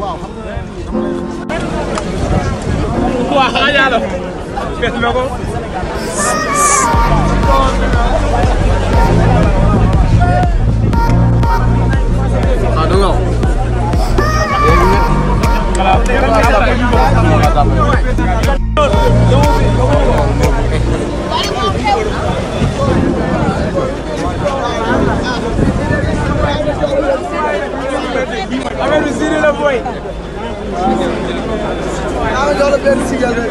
waaw xanaa yàlla. loolu benn sigal rek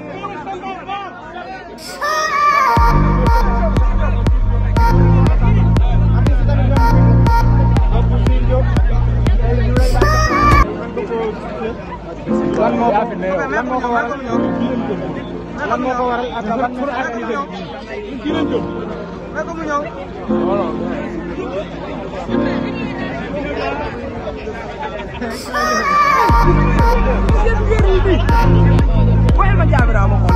moo ko lan moo ko waral lan moo ko waral ak lan pour activité bi kii lañ jëm. naka mu ñëw. voilà. waaye ma jaabira ma xool.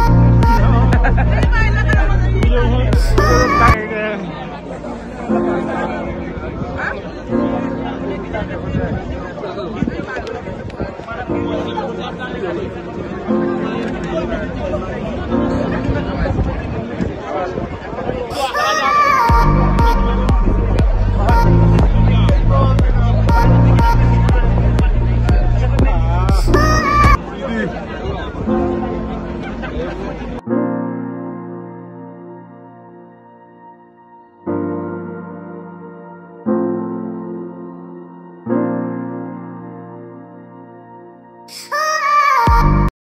Wow.